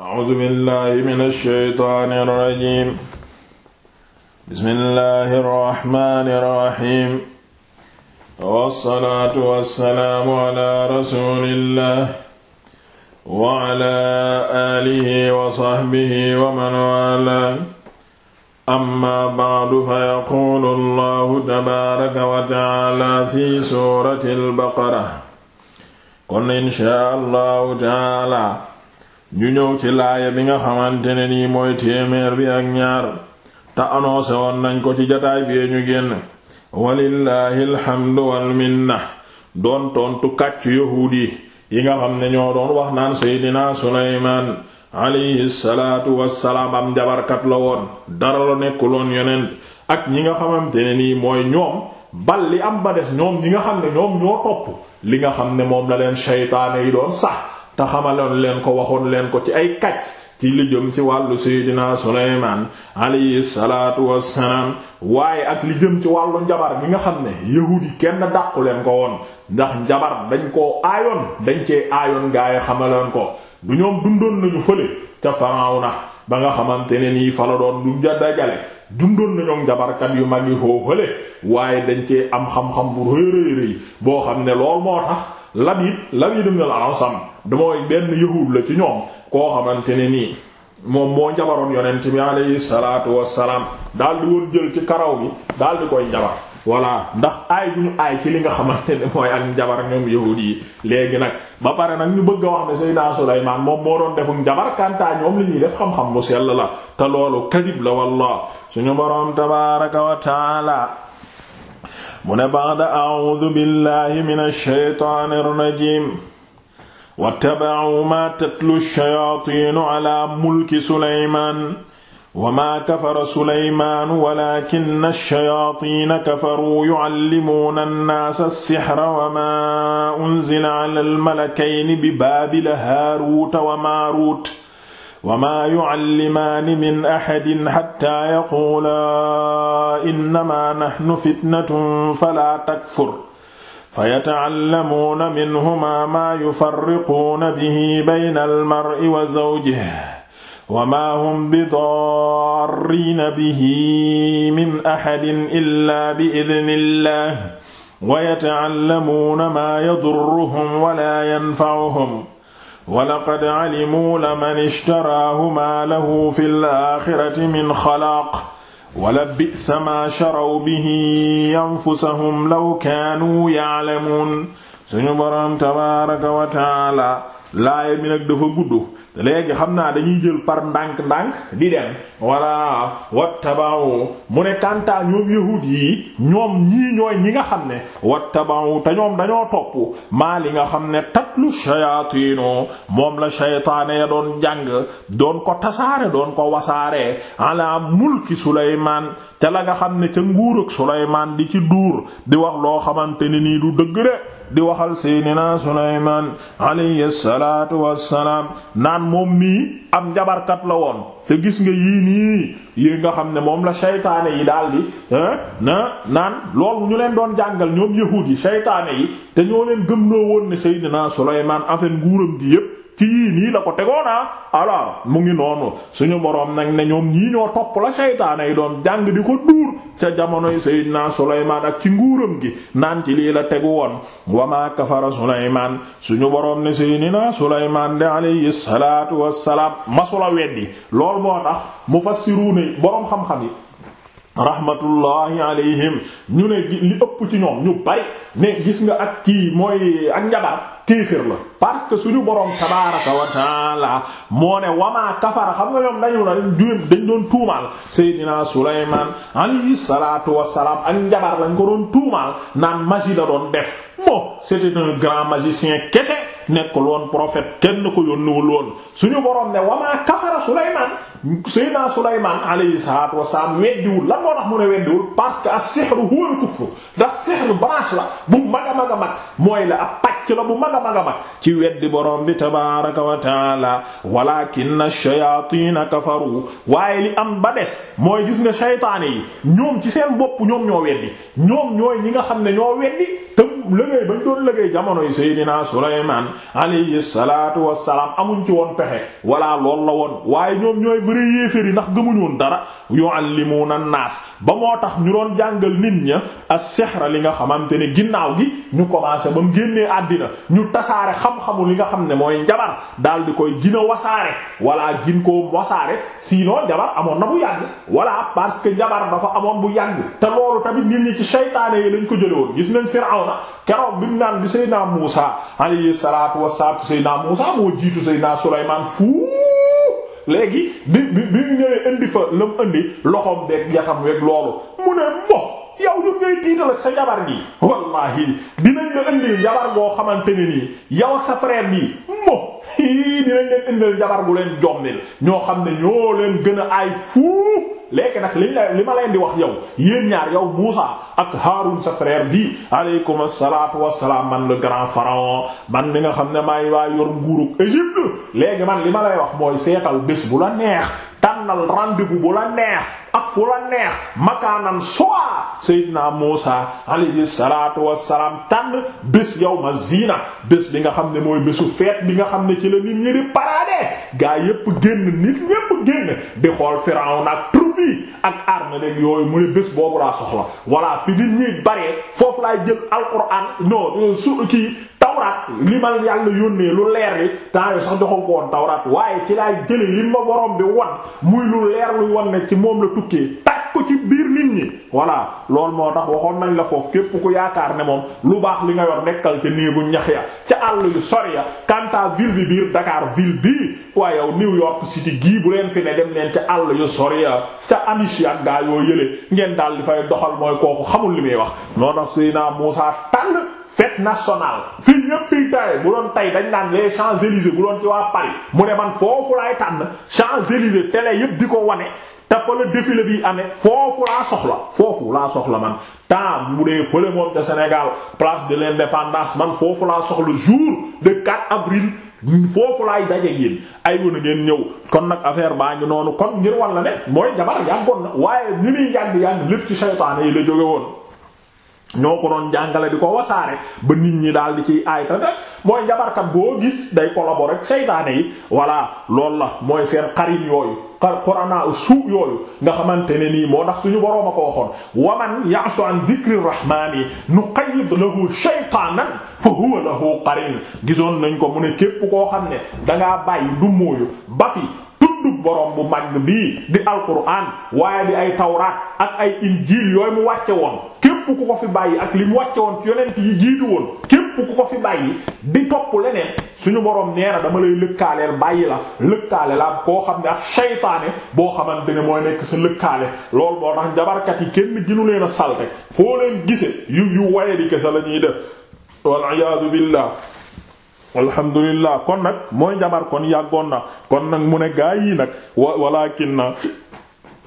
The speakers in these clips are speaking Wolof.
أعوذ بالله من الشيطان الرجيم بسم الله الرحمن الرحيم والصلاة والسلام على رسول الله وعلى آله وصحبه ومن والاه أما بعد فيقول الله تبارك وتعالى في سورة البقرة قل إن شاء الله تعالى ñu ñëw ci laaya bi nga xamante ne nii mooy téeméer bi ak ñaar te annoncé woon nañ ko ci jataay bi ñu génn walillaahi alxamdu wal minna doon tontu kàcc yahuud yi nga xam ne ñoo doon wax naan seydinaa suleymaan alayhi salaatu wassalaam am jabarkat la woon dara la nekkuloon yonent ak ñi nga xamante ne nii mooy ñoom bal li am ba def ñoom ñi nga xam ne ñoom ñoo topp li nga xam ne moom la leen seytaane yi doon sax te xamaloon leen ko waxoon leen ko ci ay kàcc ci li ci wàllu seydina Sulaymaan alayhi salaatu wassalaam waaye ak li jëm ci wàllu njabar bi nga xam ne yahuud yi kenn dàqu leen ko woon ndax njabar dañ koo aayoon dañ cee aayoon gaay xamaloon ko du ñoom dundoon nañu fële ca Firawna ba nga xamante ne nii fa la doon du dajale dundoon nañoo njabarkat yu mag yi foofale waaye dañ cee am xam-xam bu rëy rëy boo xam ne lool moo tax Labiid Labiid ibn al-Asam damooy benn yahud la ci ñoom koo xamante nii moom moo njabaroon yonent bi alayhi salaatu wassalaam daal di woon jël ci karaw bi daal di koy njabar voilà ndax aay bu ñu aay ci li nga xamante ne mooy ak njabar ñoom yahud yi léegi nag ba pare nag ñu bëgg a wax ne Seydina Sulaymaan moom moo doon defuk njabar kantaa ñoom li ñuy def xam-xam mu sell la te loolu kadib la wallah suñu boroom tabaaraka wa taala mu ne ba'da a'uudu billahi minash shaytaanir rajiim wattaba'u ma tatlu shayaatiinu ala mulki suleymaan wa ma kafara suleymaanu walaakinna shayaatiina kafaruu yu'allimuuna annaasa sixra wa ma unzila ala almalakayni bi baabila haaruuta wa maaruut wa ma yu'allimaani min axadin xattaa yaquulaa innamaa naxnu fitnatun falaa takfur fayata'allamuuna minhumaa maa yufarriquuna bihi bayna almar'i wa zawjihi wa maa hum bidarriina bihi min ahadin illaa bi'idnillaah wa yata'allamuuna maa yadurruhum wa laa yanfa'uhum wa laqad 'alimuu laman ishtaraahu maa lahu fil aaxirati min xalaaq wala bi'sa ma sharaw bihi anfusahum law kaanu ya'lamuun suñu boroom tabaaraka wa taala laaya mi nag dafa gudd léegi xam naa dañuy jël par ndànk-ndànk di dem walla wattaba'u mu ne kanta ñoom yahuud yi ñoom ñii ñooy ñi nga xam ne wattaba'u te ñoom dañoo topp maa li nga xam ne tatlu shayatinu moom la shaytaane ya doon jàng doon ko tasaare doon ko wasaare ala mulki Sulaymaan te la nga xam ne ca nguurug Sulaymaan di ci duur di wax loo xamante ne nii du dëgg de di waxal seydinaa Sulaymaan alayhi salaatu wassalaam naan moom mii am njabarkat la woon te gis nga yii nii yi nga xam ne moom la seytaane yi daal di na naan loolu ñu leen doon jàngal ñoom yahuud yi seytaane yi te ñoo leen gëmloo woon ne Seydina Sulaymaan affaire nguuram gi yépp ci yii nii la ko tegoona ah. alors mu ngi noonu suñu boroom nag ne ñoom ñii ñoo topp la saytaana yi doon jàng di ko duur ca jamonoy Seydina Sulaymaan ak ci nguuram gi naan ci lii la tegu woon wa maa kafara Sulaymaan suñu boroom ne Seydina Sulaymaan de alayhi salaatu wassalaam masula weddi lool moo tax mufassiruuna yi boroom xam-xam yi rahmatullahi alayhim ñu ne li ëpp ci ñoom ñu bari ne gis nga ak kii mooy ak njabar kéefër la parce que suñu borom tabaaraka wa taala moo ne wamaa kafara xam nga ñoom dañu na dañ doon tuumaal Seydina Sulaymaan alayhi salaatu wassalaam ak njabar lañ ko doon tuumaal naan magie la doon def moo c'était un grand magicien kese nekkul woon prophète kenn ko yónniwul woon suñu borom ne wamaa kafara Sulaymaan Seydina Sulaymaan alayhi salaatu wasalaam weddiwul lan moo tax mu ne weddiwul parce que as-sihru huwa al ndax sihr branche la bu mag a mag a mag mooy la a pàcc la bu mag a mag a mag ci weddi borom bi tabaaraka wa taala walaakinna a shayaatiina kafaru waaye li am ba des mooy gis nga seytaane yi ñoom ci seen bopp ñoom ñoo weddi ñoom ñooy ñi nga xam ne ñoo weddi liggéey bañ doon liggéey jamono yi Seydina Sulaymaan alayhi salaatu wassalaam amuñ ci woon pexe walla lool la woon waaye ñoom ñooy vrai yéeféer yi ndax gëmuñu woon dara yuallimuuna naas ba moo tax ñu doon jàngal nit ña a sihra li nga xamante ne ginnaaw gi ñu commencé ba mu génnee àddina ñu tasaare xam-xamu li nga xam ne mooy njabar daal di koy gina wasaare walla jin koo wasaare sinon njabar amoon na bu yàgg walla parce que njabar dafa amoon bu yàgg te loolu tamit nit ñi ci seytaane yi lañ ko jële woon gis nañ Firawna keroog bi mu naan bi Seydina Muusa alayhi salaatu wassalaam Seydina Muusa moo jiitu Seydina Sulaymaan fuuf léegi bi bi bi mu ñëwee indi fa la mu indi loxoom beeg yatam weeg loolu mu ne mo yow ñu ngay tiital ak sa jabar gi wallahi dinañ la indi jabar boo xamante ne nii yow sa frère bi hii dinañ leen indil jabar bu leen jommil ñoo xam ne ñoo leen gën a ay fuuf lekk nag liñ la li ma leen di wax yow yéen ñaar yow Muusa ak Haarun sa frère bi aleykum asalaatu wasalaam man le grand pharaon man mi nga xam ne maay waa yor nguurug Égypte léegi man li ma lay wax mooy seetal bés bu la neex tànnal rendez-vous bu la neex ak fu la neex makaanan soa Seydina Muusa alayhi salaatu wassalaam tànn bés yawma ziina bés bi nga xam ne mooy bésu feet bi nga xam ne ci la nit ñi di parade gaa yépp génn nit ñépp génn di xool Firawna ak bii ak arme rek yooyu mu ne bés boobu laa soxla voilà fi nit ñi baree foofu laay jël alquran non su kii tawraat li ma yàlla yónnee lu leer li temps yi sax joxoon ko woon tawraat waaye ci laay jële li ma borom bi wan muy lu leer lu wan ne ci moom la tukkee tak ko ci biir nit ñi voilà loolu moo tax waxoon nañ la foofu képp ku yaakaar ne moom lu baax li nga yor nekkal ca néegu ñax ya ca àll yu sori ya kanta ville bi biir Dakar ville bii waaye yow New York City gii bu leen fi ne dem leen ca àll yu sori ya ca amish ak yoo yële ngeen daal di fay doxal mooy kooku xamul li muy wax noo tax Seydina Muusaa tànn fête nationale fi ñépp tey tay bu doon tay dañ daan les Champs-Élysées bu doon ci waa Paris mu ne man foofu laay tànn Champs-Élysées télé di ko wane te fa la défilé bi amee foofu laa soxla foofu laa soxla man temps bu dee fële moom ca Sénégal place de l'indépendance man foofu laa soxla jour de 4 avril foofu laay daje yéen ay wana ngeen ñëw kon nag affaire baa ngi noonu kon ngir walla ne mooy jabar yàggoon na waaye ni muy yàgg-yàgg lépp ci saytaane yi la jóge woon ñoo ko doon jàngale di ko wasaare ba nit ñi daal di ciy aay rek mooy jabarkat boo gis day collaborer ak saytaane yi voilà loolu la mooy seen xarit yooyu qurana su yooyu nga xamante ne nii moo tax suñu borooma ko waxoon waman ya'shu an dhikri rahmani nuqayyid lahu shaytanan fa huwa lahu qarin gisoon nañ ko mu ne képp koo xam ne dangaa bàyyi du mooyu ba fi tudd borom bu mag bii di alquran waaye di ay tawraat ak ay injil yooyu mu wàcce woon képp ku ko fi bàyyi ak li mu wàcce woon ci yonent yi jiitu woon képp ku ko fi bàyyi di topp leneen suñu borom nee na dama lay lëkkaaleel bàyyi la lëkkaale la koo xam ne ak saytaane boo xamante ne mooy nekk sa lëkkaale loolu moo tax njabarkat yi kenn ginu leen a salte foo leen gise yu yu waye di kese la ñuy def wal iyaadu kon nag mooy njabar kon yàggoon na kon nag mu ne gaa yi na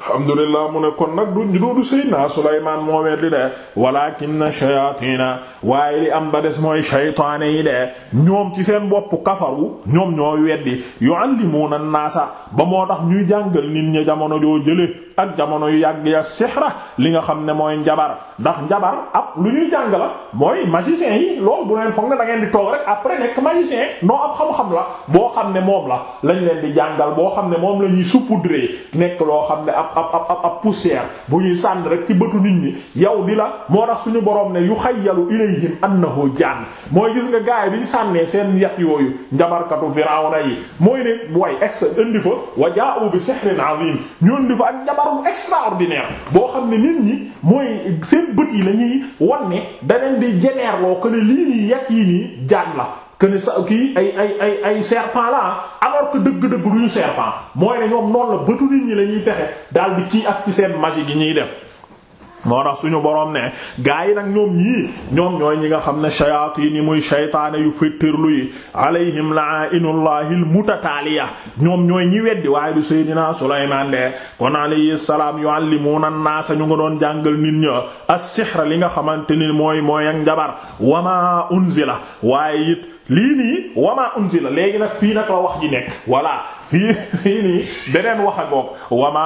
alhamdulillah mu ne kon nag du du Seydina Sulaymaan moo weddi de walaakinna shayaatiina waaye li am ba des mooy shaytaane yi de ñoom ci seen boppu kafaru ñoom ñoo weddi naa sa ba moo tax ñuy jàngal nit ñi jamono joo jële ak jamono yu yàgg ya sihra li nga xam ne mooy njabar ndax njabar ab lu ñuy jàng la mooy magicien yi loolu bu leen foog ne da di toog rek après nekk magicien noo ab xam-xam la boo xam ne moom la lañ leen di jàngal boo xam ne moom la ñuy saupoudrer ab ab ab poussière bu ñuy sànni rek ci bëtu nit ñi yow di la moo tax suñu borom ne yu xayyalu ilayhim annahu jaan mooy gis nga gaay bi ñu sànnee seen yat yooyu njabarkatu Firawna yi mooy ne way ex indi fa wa jaa'u bi sihrin azim ñu indi fa ak njabaru extraordinaire boo xam ne nit ñi mooy seen bët yi la ñuy wan ne daneen di jeneer loo ko ne lii nii yàq yi nii jaan la que ne sa kii ay ay ay ay la alors que dëgg-dëgg duñu serpent mooy ne ñoom noonu la bëtu nit ñi la ñuy fexe daal bi kii ak ci seen magie gi ñuy def. moo tax suñu borom ne gaa yi nag ñoom ñii ñoom ñooy ñi nga xam ne shayatin yi muy shaytaane yu féttërlu yi la alayhim la'inullahi almutataaliya ñoom ñooy ñi weddi waaye du seydinaa Sulaymaan de kon alayhi salaam yuallimuuna an-naasa ñu nga doon jàngal nit ña as-sihra li nga xamante ni mooy mooy ak njabar wama unzila waaye lii nii wama unzila léegi nag fii nag la wax ji nekk voilà fii fii nii beneen wax a ngoog wama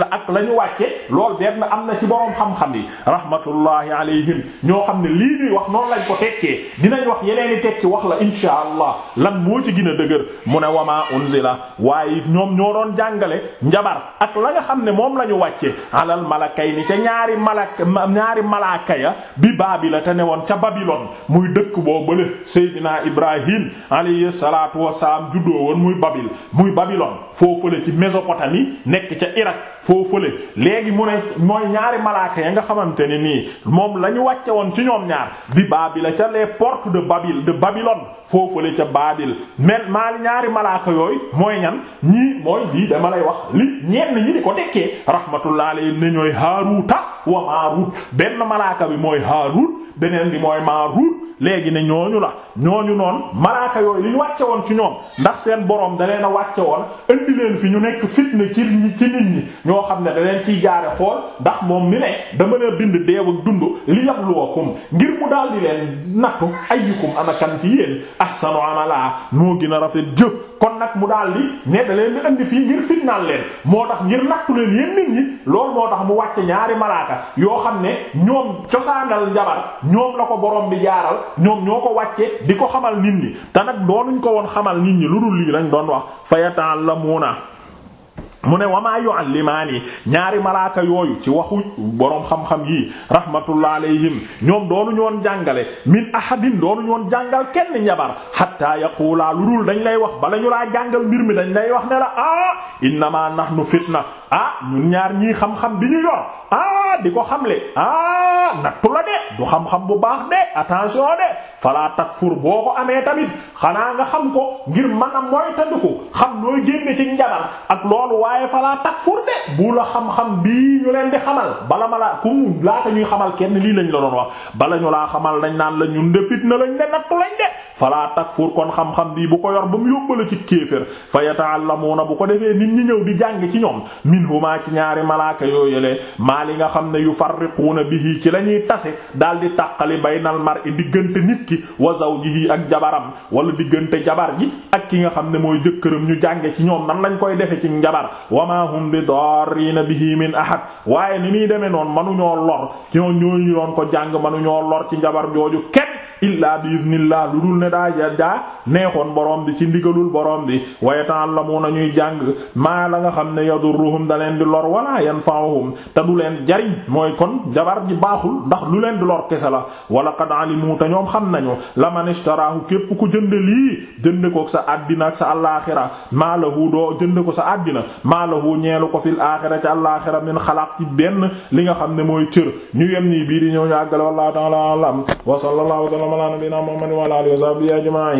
la ak lañu ñu wàcce lool benn am na ci boroom xam-xam yi rahmatullahi alayhim ñoo xam ne lii nii wax noonu lañ ko tekkee dinañ wax yeneen yeneeni tekki wax la inshaa allah lan moo ci gën dëgër mu ne wama la waaye ñoom ñoo doon jàngale njabar ak la nga xam ne moom la ñu wàcce alal malakay ni ca ñaari malak ñaari malaaka ya bi baabila te newoon ca babilon muy dëkk Ibrahim alayhi salaatu wasalaam juddoo woon muy Babil muy Babylone foo fële ci Mésopotamie nekk ca Irak foo fële léegi mu ne mooy ñaari malaaka ya nga xamante ne nii moom la ñu wàcce woon ci ñoom ñaar bi Babila ca le portes de Babil de Babylone foo ca Babil mais maa ñaari malaaka yooyu mooy ñan ñii mooy lii dama lay wax li ñenn ñi di ko dekkee rahmatullahi alayhi ne ñooy Haaruuta wa Maaruut benn malaaka bi mooy Haaruut beneen bi mooy Maaruut léegi ne ñooñu la ñooñu noonu malaaka yooyu li ñu wàcce woon ci ñoom ndax seen boroom da leen a wàcce woon indi leen fi ñu nekk fitna ci ci nit ñi ñoo xam ne da leen ciy jaare xool ndax moom mi ne dama leen bind deew ak dund li yabluwakum ngir mu daal di leen nattu ayyukum ana kan ci yéen ahsanu amala moo gën a rafet jëf nag mu daal di ne da leen di indi fii ngir fitnaal leen moo tax ngir nattu leen yéen nit ñi loolu moo tax mu wàcc ñaari malaaka yoo xam ne ñoom cosaanal njabar ñoom la ko borom bi jaaral ñoom ñoo ko wàcce di ko xamal nit ñi te nag doonuñ ko woon xamal nit ñi lu dul lii lañ doon wax la fayata'allamuna mu ne wamaa yu'allimaani ñaari malaaka yooyu ci waxu boroom xam-xam yii rahmatullah alayhim ñoom doonu ñoon jàngale min ahadin doonu ñoon jàngal kenn njabar hatta yaqulaa lu dul dañ lay wax bala ñu laa jàngal mbir mi dañ lay wax ne la ah innamaa nahnu fitna ah ñun ñaar ñii xam-xam bi ñu yor ah di ko xamle ah nattu la de du xam-xam bu baax de attention de falaa takfur boo ko amee tamit xanaa nga xam ko ngir mën a moytandiku xam nooy génne ci njabar ak loolu waaye falaa takfur de bu la xam-xam bii ñu leen di xamal bala ma la ku laata ñuy xamal kenn lii lañ la doon wax bala ñu laa xamal dañ naan la ñun de fitna lañ de nattu lañ de falaa takfur kon xam-xam bii bu ko yor ba mu yóbbala ci kéefër fa yata'allamuna bu ko defee nit ñi ñëw di jàng ci ñoom minhuma ci ñaari malaaka yooyale maa li nga xam ne yufarriquuna bihi ci la ñuy tase daal di tàqali baynal mar'i diggante nit ki wa ji zawjihi ak jabaram wala diggante jabar ji ak ki nga xam ne mooy jëkkëram ñu jànge ci ñoom nan lañ koy defe ci njabar wa ma hum bi darrina bihi min ahad waaye ni muy demee noonu manuñoo lor ñoo ñooñu doon ko jàng ñoo lor ci njabar jooju kenn illaa bi iznillah lu dul ne daa daa neexoon boroom bi ci ndigalul borom bi wa jàng da leen di lor wala yanfa'uhum te du leen jariñ mooy kon jabar ji baaxul ndax lu leen di lor kese la wala qad alimu te ñoom xam nañu la man ishtarahu képp ku jënd lii jënd ko sa àddina ak sa alaaxira maa lahu doo jënd ko sa àddina maa lahu ñeelu ko fil aaxira ci alaaxira min xalaq ci benn li nga xam ne mooy cër ñu yem nii bii di ñëw ñu àggale wallahu ta'ala alam wa sallallahu wa sallama ala nabiyyina muhammadin wa ala alihi wa sahbihi